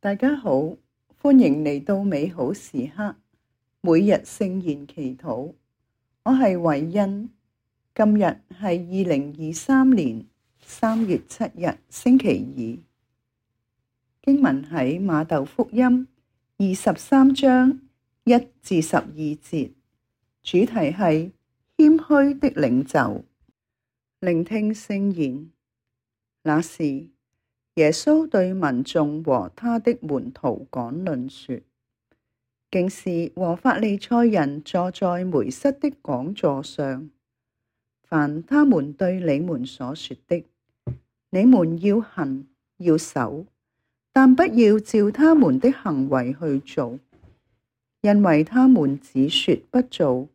大家好，歡迎嚟到美好時刻，每日聖言祈禱。我係偉恩，今日係二零二三年三月七日星期二。經文喺馬竇福音二十三章一至十二節，主題係謙虛的領袖。聆聽聖言，那時。耶穌對民眾和他的門徒講論說，經師和法利塞人坐在梅瑟的講座上。凡他們對你們所說的，你們要行要守，但不要照他們的行為去做，因為他們只說不做。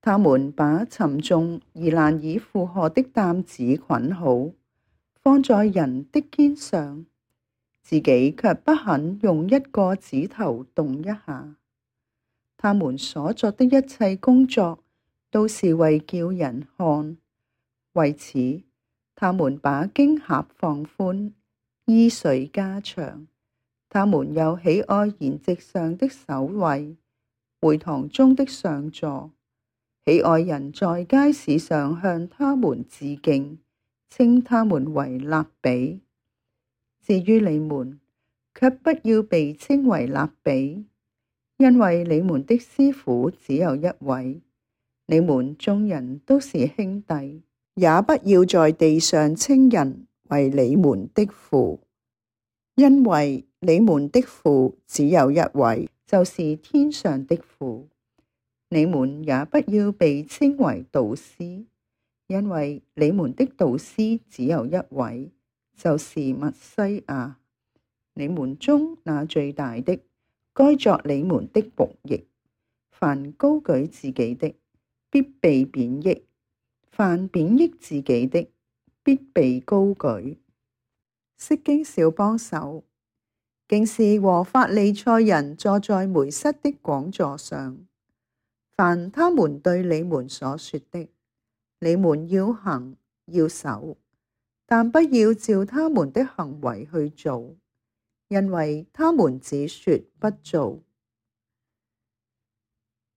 他們把沉重而難以負荷的擔子捆好。放在人的肩上，自己卻不肯用一個指頭動一下。他們所作的一切工作，都是為叫人看。為此，他們把經匣放寬，衣繸加長。他們又喜愛筵席上的首位，會堂中的上座，喜愛人在街市上向他們致敬。稱他們為辣彼，至於你們，卻不要被稱為辣彼，因為你們的師傅只有一位，你們眾人都是兄弟，也不要在地上稱人為你們的父，因為你們的父只有一位，就是天上的父。你們也不要被稱為導師。因為你們的導師只有一位，就是默西亞，你們中那最大的，該作你們的僕役。凡高舉自己的，必被貶抑；凡貶抑自己的，必被高舉。釋經小幫手，經師和法利塞人坐在梅瑟的講座上。凡他們對你們所說的，你們要行要守，但不要照他們的行為去做，因為他們只說不做。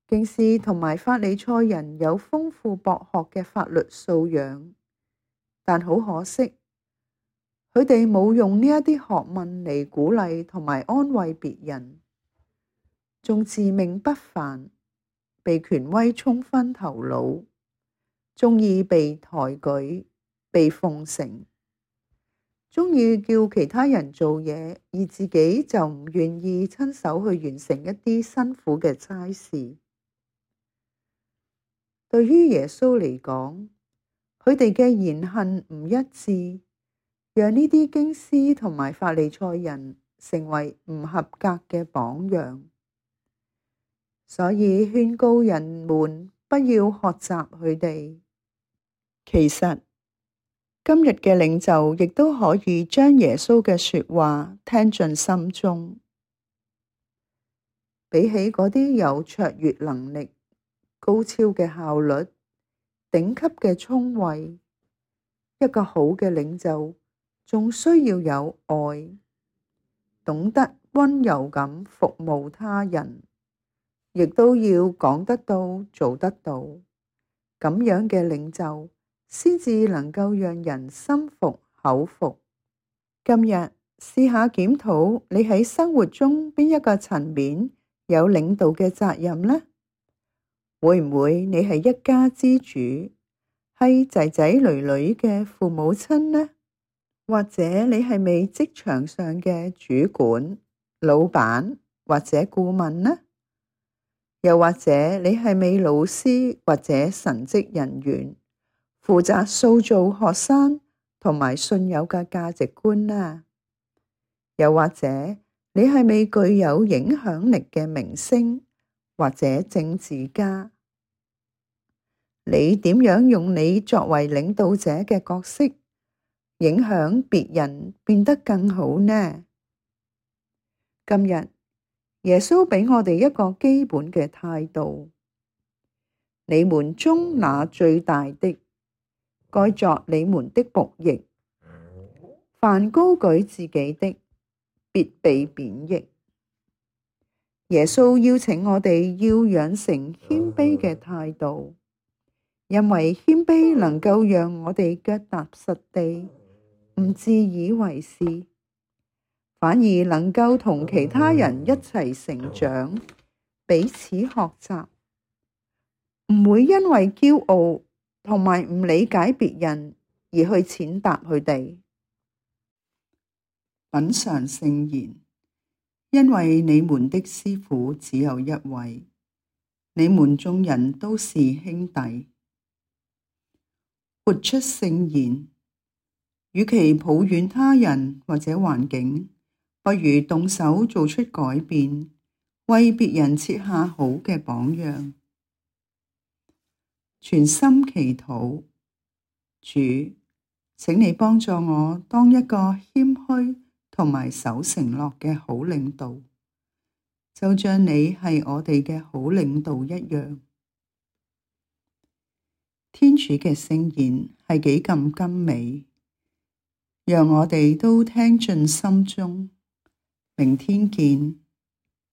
經師同埋法利塞人有豐富博學嘅法律素養，但好可惜，佢哋冇用呢一啲學問嚟鼓勵同埋安慰別人，仲自命不凡，被權威沖昏頭腦。鍾意被抬舉、被奉承，鍾意叫其他人做嘢，而自己就唔願意親手去完成一啲辛苦嘅差事。對於耶穌嚟講，佢哋嘅言行唔一致，讓呢啲經師同埋法利賽人成為唔合格嘅榜樣。所以勸告人們。不要學習佢哋。其實今日嘅領袖亦都可以將耶穌嘅說話聽進心中。比起嗰啲有卓越能力，高超嘅效率，頂級嘅聰慧，一個好嘅領袖仲需要有愛，懂得溫柔咁服務他人。亦都要講得到，做得到，咁樣嘅領袖先至能夠讓人心服口服。今日試下檢討，你喺生活中邊一個層面有領導嘅責任呢？會唔會你係一家之主，係仔仔女女嘅父母親呢？或者你係咪職場上嘅主管、老闆或者顧問呢？又或者你係咪老師或者神職人員，負責塑造學生同埋信友嘅價值觀啦。又或者你係咪具有影響力嘅明星或者政治家，你點樣用你作為領導者嘅角色，影響別人變得更好呢？今日。耶穌畀我哋一個基本嘅態度：你們中那最大的，該作你們的僕役；凡高舉自己的，必被貶抑。耶穌邀請我哋要養成謙卑嘅態度，因為謙卑能夠讓我哋腳踏實地，唔自以為是。反而能夠同其他人一齊成長，彼此學習，唔會因為驕傲同埋唔理解別人而去踐踏佢哋。品嚐聖言。因為你們的師傅只有一位，你們眾人都是兄弟。活出聖言。與其抱怨他人或者環境。不如動手做出改變，為別人設下好嘅榜樣。全心祈禱，主，請你幫助我當一個謙虛同埋守承諾嘅好領導，就像你係我哋嘅好領導一樣。天主嘅聖言係幾咁甘美，讓我哋都聽進心中。明天見。